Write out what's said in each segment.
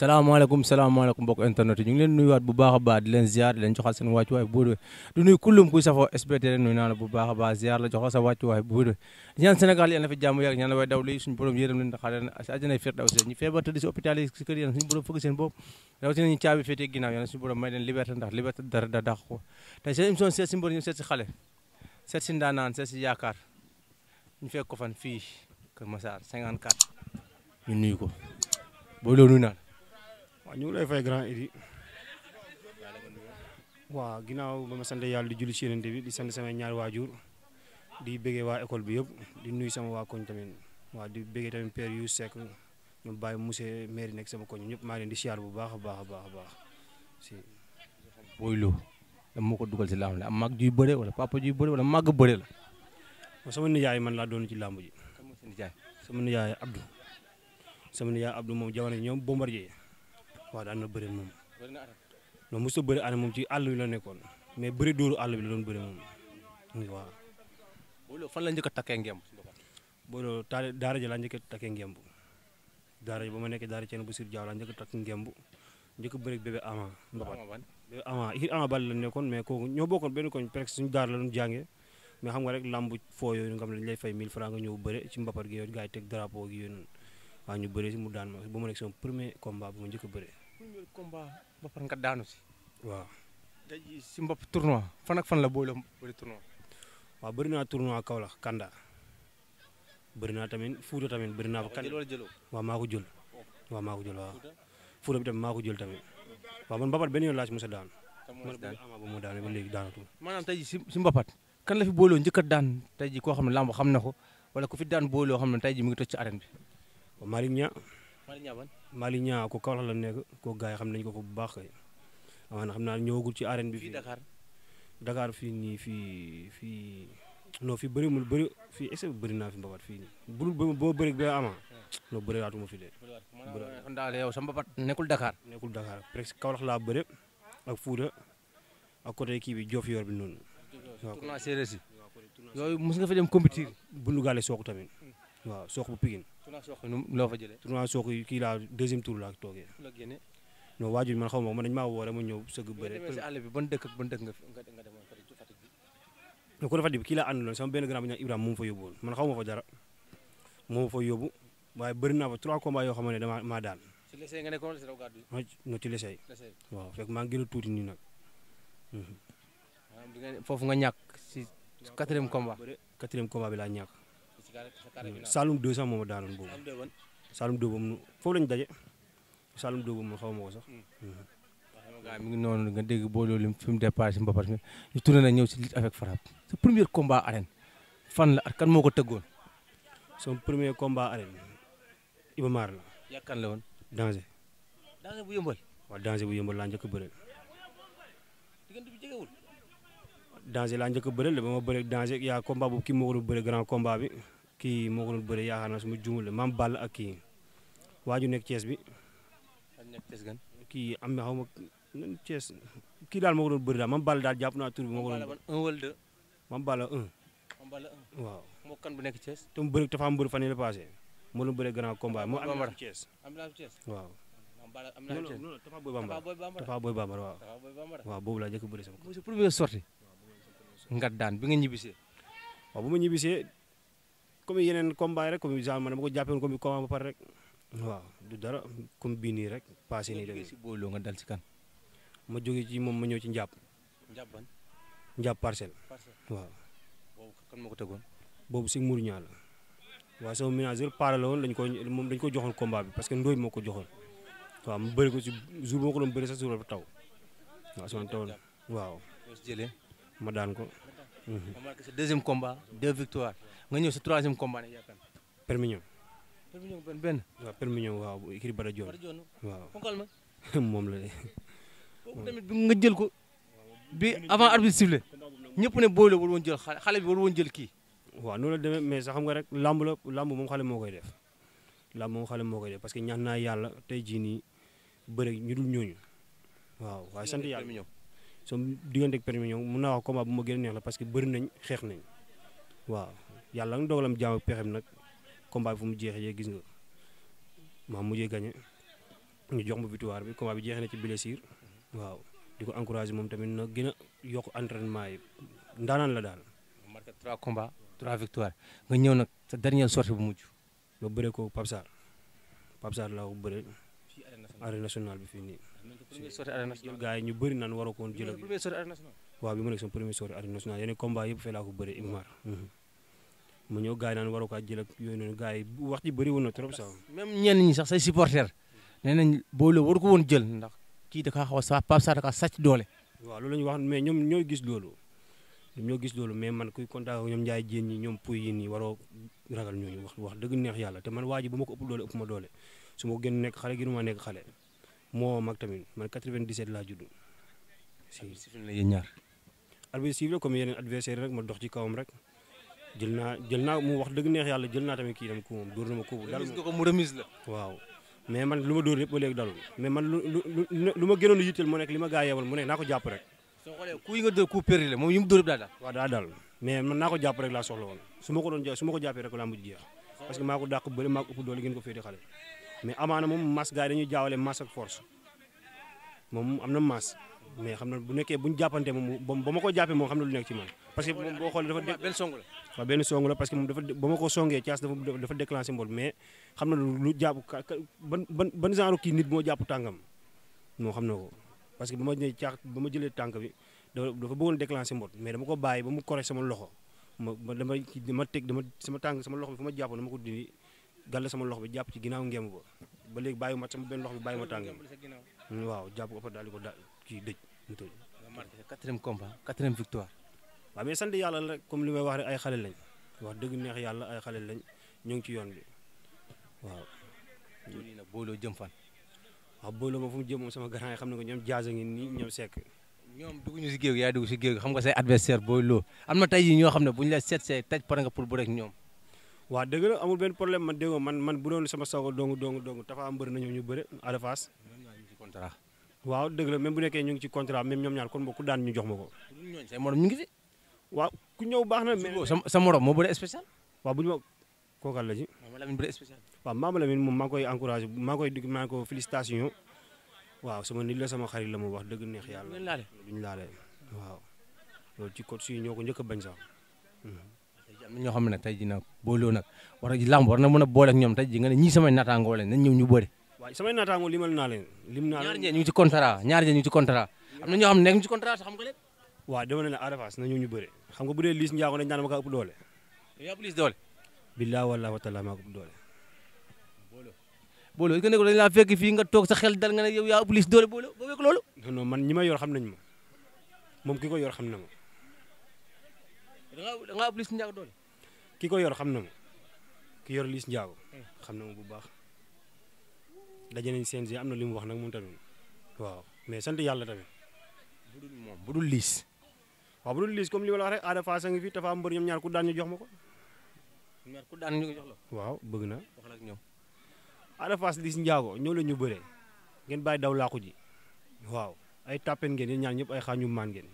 salaamaaleykum salaamaaleykum mbokk internet yi ñu ngi leen nuyuwaat bu baax a baax di leen ziar di leen joxal seen wàccuwaay bu wér du nuyu kullum kuy safoo SBT rek nuyu naa la bu baax a baax ziar la joxal sa wàccuwaay bu wér di ñaan Sénégal yàlla na fi jàmm yàgg ñaan la way daw lii suñu borom yërëm leen xale si àjjana fiir daw si ñu feebar tëdd si hôpital yi si kër yéen suñu borom fëgg seen bopp daw si nañu caabi féetee ginnaaw yéen suñu borom may leen liberté ndax liberté dara da dàq ko tey seen émission seet si mbër ñu seet si xale seet si ndaanaan seet si yaakaar ñu fekk ko fan fii Kër Massar 54 ñu nuyu ko boo loolu nuyu naa waaw ñu ngi lay fay grand Idi waaw ginnaaw ba ma sant yàlla di julli ci bi di sant samay ñaari waajur di bëggee waa école bi yëpp di nuyu sama waa koñ tamit waaw di bëggee tamit père yu Seck ñu bàyyi monsieur maire nekk sama koñ ñëpp maa leen di siyaar bu baax a baax a baax a baax si. Boy Lo dama ko dugal si làmb la am mag juy bëre wala papa juy bëre wala màgg bëre la. sama nijaay man laa doon ci làmb ji. sama nijaay Abdou. sama nijaay Abdou moom jamono ñoom bombardier waaw daan na bëri moom. bëri na arène. non mosut bëri arène moom ci àll bi la nekkoon mais bëri dóoru àll bi la doon bëri moom waaw. fan la njëkk a takkee ngemb. Lo daara ji laa njëkk a takkee ngemb daara ji ba ma nekkee daara ceen bu sir jaaw laa njëkk a takk ngemb njëkk a bëri bébé ama ndoxat bébé ama i ama bal la nekkoon mais kooku ñoo bokkoon yooyu nga xam lay fay 1000 francs nga ñëw bëre ci mbapat gi yooyu gars yi teg drapeau gi yooyu noonu waaw ñu bëree si mu daan ma ba mu nekk sama premier combat bu ma njëkk a bëree. premier combat ba pare nga daanu si. waaw. daj si mbopp tournoi fan ak fan la boole bëri tournoi. waaw bëri naa tournoi Kaolack Kanda bëri naa tamit Fouta tamit bëri naa. Kanda waaw maa ko jël. waaw maa ko jël waaw Fouta bi tamit maa ko jël tamit waaw man Mbapat benn yoon laa si mos a daan. man ba mu daan ba léegi daanatul. maanaam tey jii si Mbapat kan la fi booloo njëkk a daan tey jii koo xam ne làmb xam na ko wala ku fi daan booloo xam ne tey jii mu ngi toj ci arène bi. Malick Niang. Malick Niang ban. Malick Niang ko Kaolack la nekk ko gars yi xam nañu ko fa bu baax kay. amaana xam naa ñëwagul ci arène bi. fi Dakar Dakar fii nii fii fii non fii bëri mu bëri fii est-ce naa fi mbapat nii bu bu boo bëri ba ama non bëri waatuma fi de. bëri daal yow nekkul Dakar. nekkul Dakar presque Kaolack laa bëre ak Fouta ak côté kii bi Diofior bi noonu. waaw tournoi séeréer si. yooyu mos nga fa tamit. waaw soq bu Pikine. tournoi soq loo fa jëlee. tournoi soq kii laa deuxième tour laa toogee. la génne. non waajur man xaw ma man dañ maa woore ma ñëw sëgg bëre. bi ban dëkk ak ban dëkk nga nga demoon Fatick bi. kon Fatick bi kii laa àndaloon sama benn grand bi ñu naan moom fa yóbbu woon man xaw ma fa dara moom fa yóbbu waaye bëri naa fa trois combats yoo xam ne damaa maa daan. ci lesee nga nekkoon si raw gàddu waaw fekk maa ngi gën tuuti nii nag. Mhm. foofu nga ñàkk si quatrième combat. quatrième combat bi laa ñàkk Saloum 2 sax moom a daanoon boobu. Saloum 2 boobu foofu lañu daje Saloum 2 boobu xaw ma ko mi hmm. hmm. ngi noonu nga dégg boo loolu fi mu na ñëw si lutte avec fan la ak kan moo ko tëggoon. son premier combat la. yàkkan la woon. bu yëmbal. waaw danger bu yëmbal a bëreel. diggante bi jegewul. danger laa njëkk a bëreel ba ma bëreel danger yaa combat bu kii grand combat bi. kii moo ko doon bëre yaakaar naa su ma juumul la maam a ak kii nekk Thiès bi. kii am na xaw ma kii daal moo ko doon bëri daal maam Ball daal jàpp naa tur bi moo ko doon. un wala deux. maam bu nekk Thiès. te mu bëri am bëri fan yii la paase moo doon bëree grand combat moo am naa Thiès. am naa Thiès waaw. am naa Thiès non non a bëri nga daan bi nga ñibbisee. waaw bu ma ñibbisee comme yeneen combat yi rek comme genre man dama ko jàppee woon comme rek waaw bii nii rek passé nii dem si booloo nga dal si kan ma jóge ci moom ma ñëw ci njàpp njàpp ban njàpp parcelle waaw boobu kan moo ko tegoon boobu si muru la waaw sama ménageur paare la woon dañ ko moom dañ ko joxoon combat bi parce que ndóoy moo ko joxoon waaw mu bëri ko si jour moo ko doon bëri sax jour ba taw waaw sama tawoon waaw ma daan ko deuxième combat deux victoires nga ñëw sa troisième combat ne yaakaar. Permignon. Permignon benn benn. waaw Permignon waaw bu écrit Bada waaw moom la de. bi nga jël ko. bi avant arbitre ñëpp ne booy la war woon jël xale bi war jël kii. waaw noonu la demee mais sax xam nga rek lamb lamb moom xale moo koy def lamb moom xale moo koy def parce que ñaan naa yàlla tey jii nii bëri ñu dul ñooñu waaw waaye sant yàlla so diggante ak Permignon mun naa wax combat bu ma gën neex la parce que bëri nañ xeex nañ waaw. yàlla nag dogalam jaam ak pexem nag combat bi fu mu jeexee gis nga maa mujjee gagné ñu jox ma victoire bi combat bi jeexee na ci blessure waaw di ko encouragé moom tamit na gën a yokk entraînement yi ndaanaan la daal. nga marqué trois combats trois victoires nga ñëw nag sa dernière sortie bu mujj. ma bëree ko Pape Sarr Pape Sarr laa ko bëree. arène nationale bi fii nii. gaa yi ñu bëri naan waroo ko woon jël. waaw bi ma nekk sama premier sortie arène nationale yeneen combat yëpp fee laa ko bëree Imar. ma ñëw gars yi naan waru ko jël ak yooyu noonu gars yi wax ji bëri trop sax. même ñenn ñi sax say supporters nee nañ boole waru ko woon jël ndax kii da kaa xaw a sa Pape Sarr da kaa doole. waaw loolu la ñu wax mais ñoom ñooy gis loolu ñoom ñoo gis loolu mais man kuy kontaan ñoom Ndiaye Diène ñi ñoom Pouy yi nii waroo ragal ñooñu wax wax dëgg neex yàlla te man waa ji bu ma ko ëpp doole ëpp ma doole su ma gën nekk xale gi nu ma nekk xale moo mag tamit man 97 laa judd. si si fi la yéen ñaar. arbitre siffle rek ma dox ci kawam rek jël naa jël naa mu wax dëgg neex yàlla jël naa tamit kii tam na ma ko dal gis nga ko mu remise la waaw mais man lu ma dóor yëpp ba yitteel mu nekk li ma gaa yeewal mu nekk naa ko jàpp rek la moom yi mu dóor yëpp daa soxla woon su ma ko doon su rek laa mujj jeex parce que maa ko dàq bëri maa ko doole gën ko féete xale mais amaana moom masse gars yi dañuy jaawale masse force moom am na masse mais xam na bu nekkee buñ jàppante moom ba ma ko jàppee moom xam na lu nekk ci moom parce que moom boo xoolee dafa benn song mais xam na lu jàpp nit moo jàpp tànkam moo xam na ko parce que ba ma ñëw caax ba ma jëlee tànk bi dafa dafa bëggoon déclenché mbot mais dama ko bàyyi ba mu correct sama loxo ma dama dama teg dama sama tànk sama loxo bi fu ma jàppoon dama ko dindi gàll sama loxo bi jàpp ci ginnaaw ngeem ba ba léegi bàyyi ma sama benn loxo bi bàyyi ma tànk mm, waaw jàpp ko fa daal di ko daal ci dëj mu tëj. nga marqué quatrième victoire. waaw mais sant yàlla rek comme li may wax rek ay xale lañ wax dëgg neex yàlla ay xale lañ ñu ngi ci yoon bi waaw. loolu nag Boy Lo jëm fan. a Boy Lo moom fu mu jëm moom sama grand yi xam ne ko ñoom jaase ngi ñoom sekk. ñoom dugg ñu si géew yaa dugg si géew xam nga say adversaire Boy Lo am na tey ñoo xam ne bu ñu la seet see taj pare nga pour bu rek ñoom. waaw dëgg la amul benn problème man déggoo man man bu a waaw dëgg la même bu nekkee ñu ngi ci contrat même ñoom ñaar kon boo ku daan ñu jox ma ko. morom ñu ngi fi. waaw ku ñëw baax na. mais sa sa morom moo bëri spécial. waaw bu ma la ci. Mama Lamine bëri spécial. waaw Mama Lamine moom maa koy encouragé maa koy dugg maa ko waaw sama nit la sama xarit la moo wax dëgg neex yàlla. duñ laale duñ laale waaw. loolu ci code suy ñoo ko njëkk bañ sax. Hmm. am na ñoo xam ne nag tey jii nag booloo nag war a làmb war na mën a boole ak ñoom tey jii nga ne ñii samay naataangoo lañ nañ ñëw ñu bëri waaw samay naataangoo limal naa leen lim naa leen ñaar ñee ñu ngi ci contrat ñaar ñee ñu ngi ci contrat am na ñoo xam ne nekk ci contrat sax xam nga leen waaw dama ne la Ada Fass na ñëw ñu bëre xam nga bu dee Liss Ndiago dañ naan ma kaa ëpp doole yaa ëpp Liss doole billaa wallaa wa taala maa ko ëpp doole boolo est-ce que nekkul dañ laa fekk fii nga toog sa xel dal nga ne yow yaa ëpp Liss doole boolo boo fekk loolu non non man ñi ma yor xam nañ ma moom ki ko yor xam na ma da nga ëpp Liss Ndiago doole ki ko yor xam na ma ki yor Liss Ndiago eh. xam na ma bu baax daje nañ CNG am na li mu wax nag moom tamit waaw mais sant yàlla tamit bu dul bu dul liis waaw bu dul liis comme li ma la wax rek Ada Fass a ngi fi Tapha Mbeur ñoom ñaar ku daan ñu jox ma ko. ñaar ku daan ñu la. waaw bëgg na waxal ak ñoom. Ada Fass liis njaago ñoo la ñu bëree ngeen bàyyi ñëpp ay xaañu maan ngeen.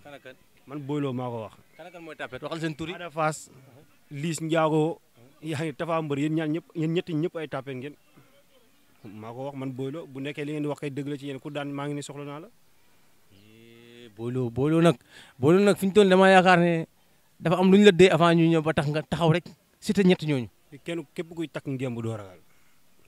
man Boylo maa ko wax. kan kan mooy tàppet ñëpp yéen ñetti ñëpp ay tàppeen ngeen maa ko wax man Boylo bu nekkee li ngeen di wax kay dëgg la ci yéen ku daan maa ngi ni soxla naa la. Eh, Boylo Boylo nag fi ñu toll damaa yaakaar ne dafa am lu ñu la dee avant ñu ñëw ba tax nga taxaw rek si te ñett ñooñu. kenn ku kuy takk ngemb doo ragal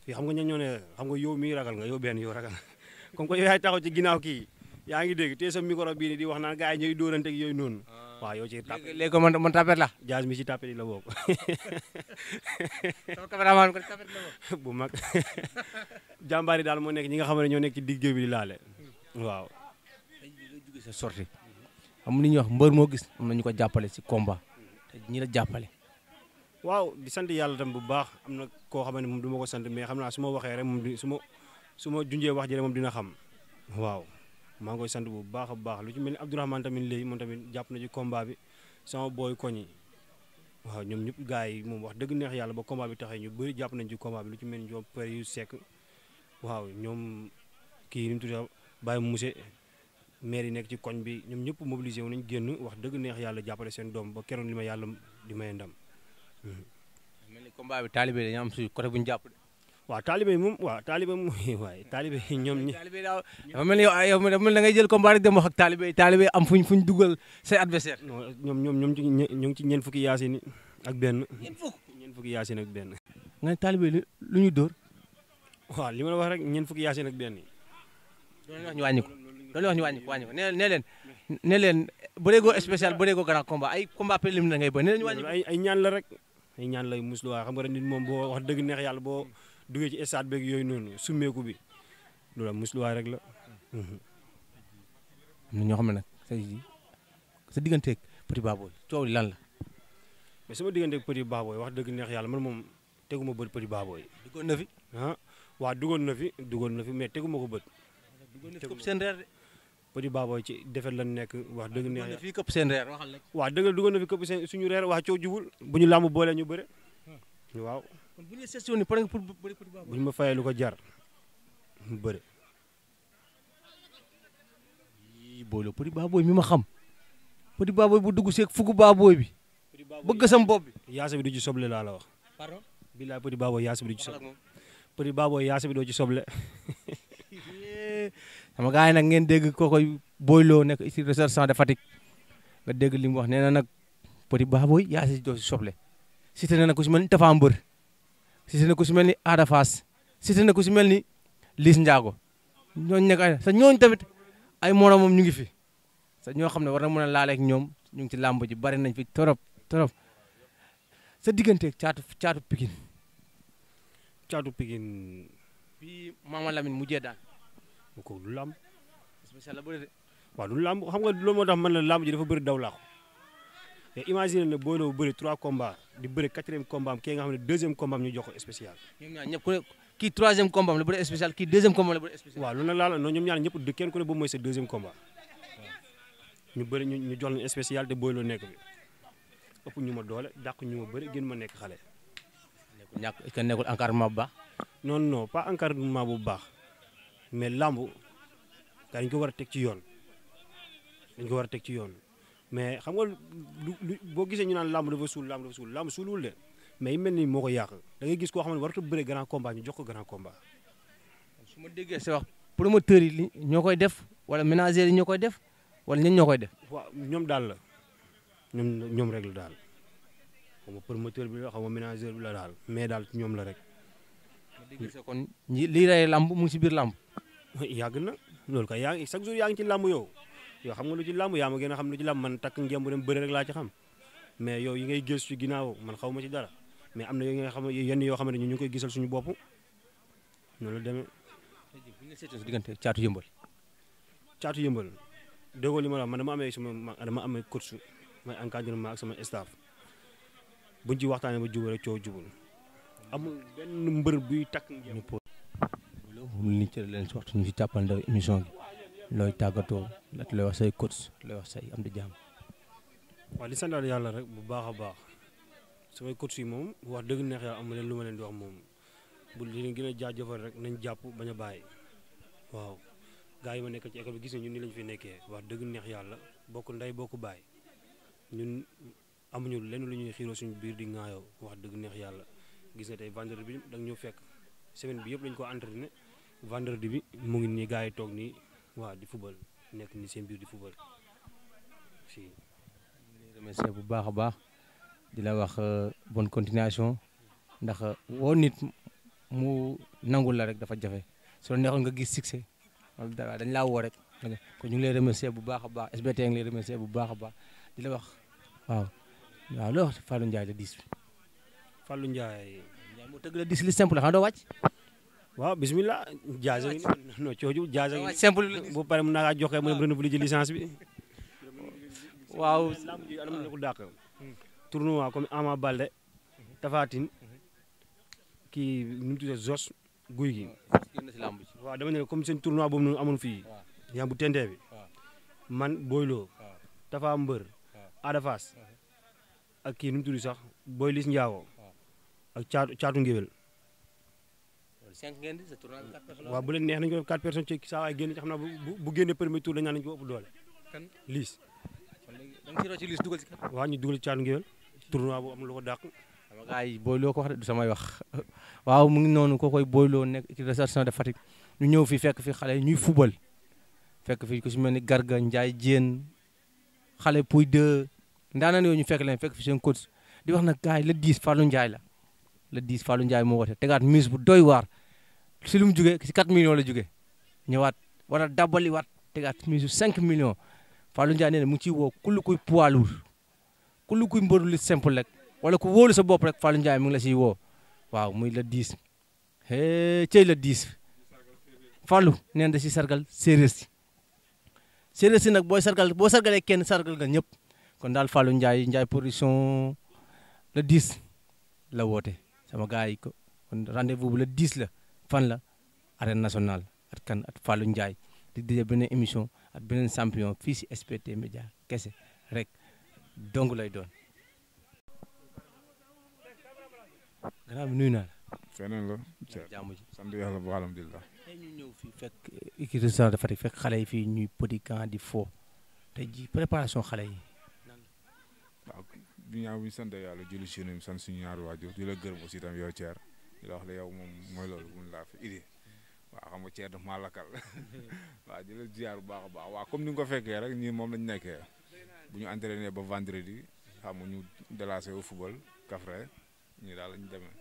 fii xam nga ñoo ñoo ne xam nga yow mii ragal nga yow benn yow ragal comme que yow yaay taxaw ci ginnaaw kii yaa ngi dégg te sa micro bii di wax naan gars yi ñooy dóoranteeg yooyu noonu. Ah. waaw yow ci tapé léegi man man tapé la jaas mi si tapé la bokk sama bu mag jàmbaar yi daal moo nekk ñi nga xam ne ñoo nekk ci digg bi di laale waaw jóge sa ñuy wax mbër moo gis am na ko jàppale si combat te jàppale waaw di sant yàlla tam bu baax am na koo xam ne moom du ma ko sant mais xam naa su ma waxee rek moom su ma su ma junjee wax dina xam waaw maa ngi koy sant bu baax a baax lu ci mel ni Abdourahmane tamit léegi moom tamit jàpp na ci combat bi sama booy koñ yi waaw ñoom ñëpp gars yi moom wax dëgg neex yàlla ba combat bi taxee ñu bëri jàpp nañ ci combat bi lu ci mel ni waaw ñoom kii ni mu tudd Baye Mousse yi nekk ci koñ bi ñoom ñëpp mobilisé wu nañ génn wax dëgg neex yàlla jàppale seen doom ba keroon li yàlla di may ndam. mel ni combat bi taalibe dañu am bu ñu jàpp waaw taalibe yi moom waaw taalibe moom waaye taalibe yi ñoom ñi. dafa mel ni yow yow dafa mel da ngay jël combat rek dem wax ak taalibe yi taalibe yi am fuñ fuñ dugal say adversaire. non ñoom ñoom ñoom ñu ngi ci ñeent fukki yaasin ak benn. ñeent fukk ñeent fukki yaasin ak benn. nga ne taalibe yi lu ñu dóor. waaw li ma la wax rek ñeent fukki yaasin ak benn. loolu wax ñu wàññi ko loolu wax ñu wàññi ko wàññi ko nee nee leen nee leen bëreegoo spécial bëreegoo grand combat ay combat préliminaire ngay bëri nee leen ñu wàññi ko ay ñaan la rek ay ñaan lay muslu waa xam nga nit moom boo wax dëgg neex yàlla boo duggee ci stade beg yooyu noonu summeeku bi loolu am musluwaay rek la. ñoo xam ne nag tey jii sa digganteeg Petit Baboy coow li lan la. mais sama digganteeg Petit Baboy wax dëgg neex yàlla man moom teguma bët Petit Baboy. duggoon na fi. ah waaw duggoon na fi duggoon na fi mais teguma ko bët. duggoon na fi këpp seen ci defet lan nekk wax dëgg neex. duggoon na fi këpp seen reer waxal la. dëgg la duggoon na fi këpp seen suñu reer wax coow jubul bu ñu làmb boole ñu bëre hmm. waaw. kon bu ñu session ni pare nga pour bëri ko jar mu bëri. yii mi ma xam petit baabooy bu dugg seeg fugu baabooy bi. bëgg sam bopp bi. yaasa bi du ji soble laa la wax. pardon billaay petit baabooy yaasa bi du ci soble. petit baabooy yaasa bi doo ci soble. sama gars yi nag ngeen dégg kookoy Boylo nekk ici ressortissant de Fatick nga dégg li mu wax nee na nag petit baabooy yaasa bi doo ci soble. cité na ku si man ni Tafa Mbër cité na ku si mel ni Ada Fass cité na ku si mel ni liis njaago ñooñu nekk sa ñooñu tamit ay moromam ñu ngi fi sa ñoo xam ne war na mën a laaleeg ñoom ñu ngi ci làmb ji bari nañ fi torop torop sa digganteeg caatu caatu pikin caatu pikin bi Mama Lamine mujjee daan ko du làmb spécial la bëri de waaw du làmb xam nga loolu moo tax man la làmb ji dafa bëri daw laa mais imagine na booloo bu bëri trois combats di bëri quatrième combat am kii nga xam ne deuxième combat am ñu jox ko spécial. ñoom ñaar ñëpp ku ne kii troisième combat am la bëri spécial kii deuxième combat la bëri spécial. waaw loolu nag laa la ñoom ñaar ñëpp kenn ku boobu mooy sa deuxième combat ñu bëri ñu ñu jox leen special te booloo nekk bi ëpp ñu ma doole dàq ñu ma bëri gën ma nekk xale. nekkul ñàkk est-ce que nekkul encadrement bu baax. non non pas encadrement bu baax mais làmb dañ ko war a teg ci yoon dañ ko war a teg ci yoon. mais xam nga lu boo gisee ñu naan làmb dafa suul làmb dafa suul làmb suulul de mais yi mel ni moo ko yàq da ngay gis koo xam ne waratu bëre grand combat ñu jox ko su ma déggee sa wax promoteurs yi ñoo koy def wala ménagères yi ñoo koy def wala ñenn ñoo koy def. waaw ñoom daal la ñoom ñoom rek la daal xam nga promoteur bi la xam nga la daal mais daal ñoom la rek. ma déggee sa kon lii rey làmb mu si biir làmb. yàgg na loolu kay yaa ngi chaque jour yaa ngi ci làmb yow. yoo xam nga lu ci làmb yaa ma gën a xam lu ci làmb man takk ngemb dem rek laa xam mais yow yi ngay gës ci ginnaaw man xaw ma ci dara mais am na yoo nga xam yenn yoo xam ne ñu ngi koy gisal suñu bopp noonu la demee. bi nga seetee sa diggante caatu yëmbal. caatu yëmbal déggoo li ma la man dama amee sama dama amee coach may encadrement ak sama staff bu ci waxtaanee ba jubal rek coow jubul amul benn mbër buy takk ngemb. ñu poche. loolu nit leen si waxtu ñu si émission bi. looy tàggatoo looy wax say coach looy wax say am di jaam. waaw di santaat yàlla rek bu baax a baax samay coach yi moom wax dëgg neex yàlla am leen lu ma leen di wax moom bu leen gën a jaajëfal rek nañ jàpp bañ a bàyyi waaw yi ma nekk ci bi gis nañu ni lañ fi nekkee wax dëgg neex yàlla bokk ndey bokk bàyyi ñun amuñu lenn lu ñuy xiiro suñu biir di ŋaayoo wax dëgg neex yàlla gis nga tey vendredi bi da ñu fekk semaine bi yëpp lañ ko entraîné vendredi bi mu ngi nii gars toog nii. waaw di football nekk ni seen biir di football si. remercier bu baax a baax di la wax euh, bon continuation ndax euh, woo nit mu nangul la rek dafa jafe soo neexoon nga gis succès wala dara dañ laa woo rek kon ñu ngi lay remercier bu baax baax SBT ngi lay bu baax a baax di la wax waaw waaw loo wax Fallou Ndiaye la dis. Fallou Ndiaye. doo wàcc. waaw bisimilah. jaase ngi non cooju jaase ngi simple bu pare mën naa joxe mu dem renouveler ji licence bi. waaw lamb ji anam na ko dàq. tournoi comme Ama Balde. Tafatine. kii nu mu tuddee guy gi waaw dama ne comme seen tournoi boobu noonu amoon fii. yaa bu tentee bi. man Boylo. Tafa Mbër. Ada Fass. ak kii nu mu tudd sax Boy Lis ak caatu ngéwél cinq ngeen di bu leen neex nañu ko quatre personnes ci saa waay génn ci xam naa bu bu génnee premier tour dañu naan nañu ko ëpp doole. kan liis. kon léegi da nga ciy rocc liis dugal ci ko dàq. xam nga ay booyloo wax du samay wax waaw mu ngi noonu kookoy booyloo nekk ci réservation de Fatick ñu ñëw fi fekk fi xale ñuy fubal fekk fi ku si mel ni Garga Ndiaye Diène xale Pouy de ndaanaan yooyu ñu fekk leen fekk fi seen coach di wax nag gars yi le 10 Fallou Ndiaye la le 10 Fallou Ndiaye moo woote tegaat mise bu doy waar si lu mu jugee si 4 millions la jugee ñëwaat war a dabaliwaat tegaat mise 5 millions Fallou Ndiaye nee mu ngi ciy woo kulli kuy poids lourd kulli kuy mbëru li rek wala ku wóolu sa bopp rek Fallou Ndiaye mu ngi la siy woo waaw muy la 10 hee cey la 10 Fallou nee da si sargal séeréer si séeréer si nag booy sargal boo sargalee kenn sargal nga ñëpp kon daal Fallou Ndiaye Ndiaye production le 10 la woote sama gars yi ko kon rendez-vous bu le 10 la. fan la arène nationale at kan at Fallou Ndiaye di dije beneen émission at beneen champion fii si SBT Média kese rek dong lay doon gannaaw bu nuyu naa la feneen la jàmm ji sant yàlla bu alhamdulilah ñëw fii fekk équipe régionale de Fatick fekk xale yi fii ñuy petit camp di fo tey ji préparation xale yi waaw ñaaw bi ñu sant yàlla julli si ñu sant suñu ñaari waajur di la gërëm aussi tam yow di la wax yow moom mooy loolu mun laa fi indi waaw xam nga ceeb daf maa lakkal waaw di la ziar bu baax a baax waaw comme ni nga ko fekkee rek ñii moom lañ nekkee bu ñu entraîné ba vendredi xam nga ñu délassé au football Kaffrine ñu daal lañ demee.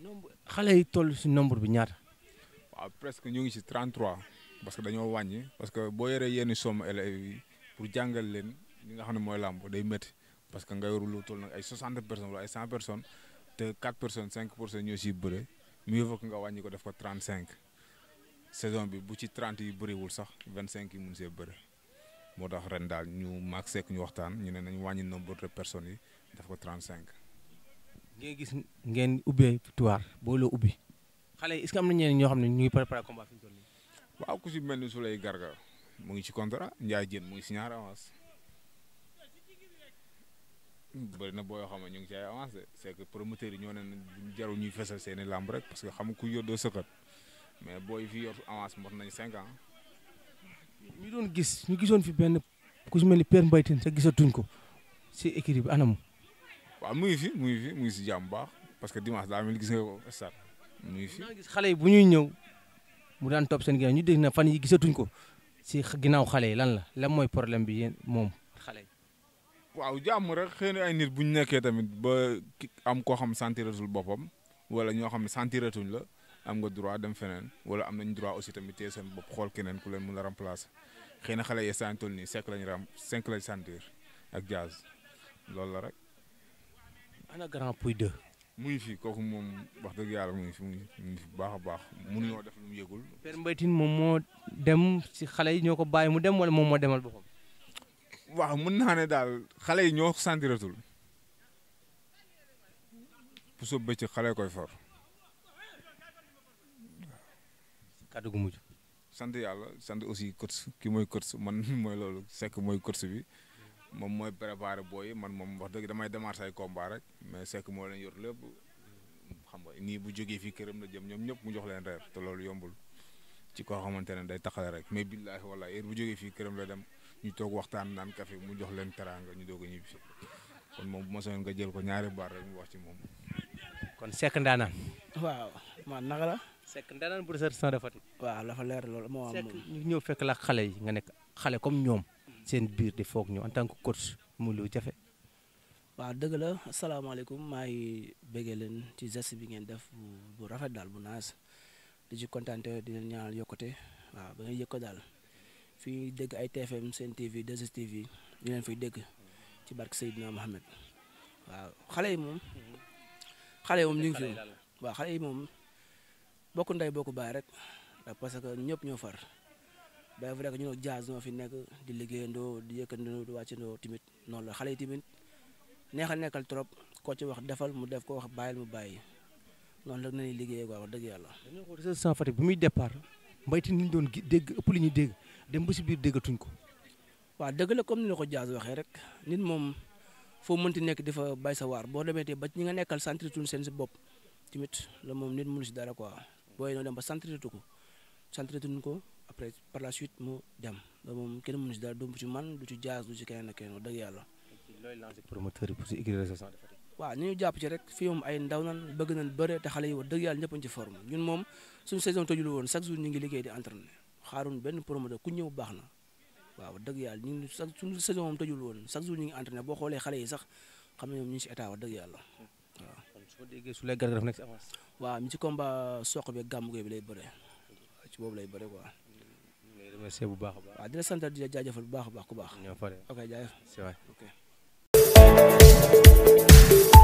nombre xale yi toll si nombre bi ñaata. waaw presque ñu ngi si 33 parce que dañoo wàññi parce que boo yoree yenn somme élèves yi pour jàngal leen li nga xam ne mooy làmb day métti parce que nga yoru lu toll nag ay 60 personnes wala ay 100 personnes. te quatre personnes cinq personnes ñoo si bëre mieux vaut que nga wàññi ko def ko trente cinq saison bi bu ci trente yi bëriwul sax vingt cinq yi mun see bëre moo tax ren daal ñu maag sekk ñu waxtaan ñu ne nañ wàññi nombre de personnes yi def ko trente cinq. ngay gis ngeen ubbee victoire boo la ubbi xale yi est-ce am na ñeneen ñoo xam ne ñu ngi préparé combat fi ñu waaw ku si mel ni su lay garga mu ngi ci contrat Ndiaye Diène mu ngi si ñaar avance. bëri na boo yoo xam ne ñu ngi ci ay avancé c' est que ñoo ne jarul ñuy fesal seeni i làmb rek parce que xam ku yor doo sëqat booy fi yor avance mot nañ cinq ans. ñu doon gis ñu gisoon fi benn ku si mel ni Père Mbaye Tine sax gisatuñ ko si équipe bi anamu. waaw mu ngi fi mu fi mu ngi si jàmm baax parce que dimanche daa mel gis nga ko stade mu fi. gis xale yi bu ñuy ñëw mu daan topp seen ginnaaw ñu dégg na fan yi gisatuñ ko si ginnaaw xale yi lan la lan mooy problème bi yéen moom. waaw jàmm rek xëy na ay nit bu ñu nekkee tamit ba am koo xam sentiratul boppam wala ñoo xam ne sentiratuñ la am nga droit dem feneen wala am nañ droit aussi tamit téye seen bopp xool keneen ku leen mun a remplacer xëy na xale yi santul nii cinq ñu ram cinq lañ sentir ak jazz loolu la rek. ana grand puy deux. mu ngi fi kooku moom wax dëgg yàlla mu ngi fi mu ngi fi baax a baax ñoo def lu mu yëgul. Père Mbaye Tine moom moo dem si xale yi ñoo ko bàyyi mu dem wala moom moo demal boppam. waa mën naa ne daal xale yi ñoo sentiratul pour sa bëccëg xale koy for. kàddu gu mujj. sant yàlla sant aussi coach ki mooy coach man mooy loolu Seck mooy coach moom mooy préparé booy man moom wax dëgg damay démarrer say combat rek mais Seck moo leen yor lépp xam nga nii bu jógee fii këram la jëm ñoom ñëpp mu jox leen reer te loolu yombul ci koo xamante ne day taxale rek mais billaahi wallaahi heure bu jógee fii këram la dem. ñu toog waxtaan naan mu jox leen teraanga ñu doog a moom bu ma nga jël ko ñaari baar rek mu wax ci moom. kon Seck Ndaanaan. waaw man la. Seck Ndaanaan bu desee sa dafa. waaw dafa leer loolu moo am. ñëw fekk la xale yi nga nekk xale comme ñoom. seen biir di foog ñu en kot mu lu jafe. waa dëgg la asalaamaaleykum maa ngi bëggee leen ci geste bi ngeen def bu rafet daal bu naas di ci kontaan di leen ñaanal yokkute waaw ba nga yëg daal. fi dégg ay TFM seen TV 2STV ñu leen fiy dégg ci barke Seydina Mohamed waaw xale yi moom. xale yi moom ñu ngi xale yi moom bokk ndey bokk baay rek parce que ñëpp ñoo far ba vrai que ñu ne jazz ñoo fi nekk di liggéeyandoo di yëkkandoo di wàccandoo tamit noonu la xale yi tamit neexal nekkal trop koo ci wax defal mu def ko wax bàyyil mu bàyyi noonu la nañuy liggéeyee quoi yàlla. dañoo muy départ mbayte ni ñu doon dégg ëpp li ñuy dégg. dem ba si biir déggatuñ ko. waaw dëgg la comme ni la ko Diaz waxee rek nit moom foo ti nekk dafa bay sa waar boo demee ba ñi nga nekkal centré tuñ seen si bopp tamit la moom nit mënu si dara quoi booy noo dem ba centré tu ko centré tuñ ko loolu moom kenn mënu si dara du ci man du ci Diaz du ci keneen ak dëgg yàlla. looy ñu ñu jàpp ci rek fii moom ay ndaw nan bëgg nañ bëre te xale yi wax dëgg yàlla ñëpp ci forme ñun moom suñu saison tojul woon chaque jour ñu ngi liggéey di entraîner xaaruñ benn promoteur ku ñëw bu baax na waaw dëgg yàlla ñu ngi sax suñu saison moom tëjul woon chaque jour ñu ngi entraîné boo xoolee xale yi sax xam ne ñoom ñu ngi si état wax dëgg yàlla waaw. kon su ko déggee su lay gërëm nekk si avance. waaw lay bëre ci boobu lay bëre quoi. ñu ngi bu baax a baax. waaw di la sant di la jaajëfal bu baax baax ku baax. ñoo pare ok jaajëf. c'est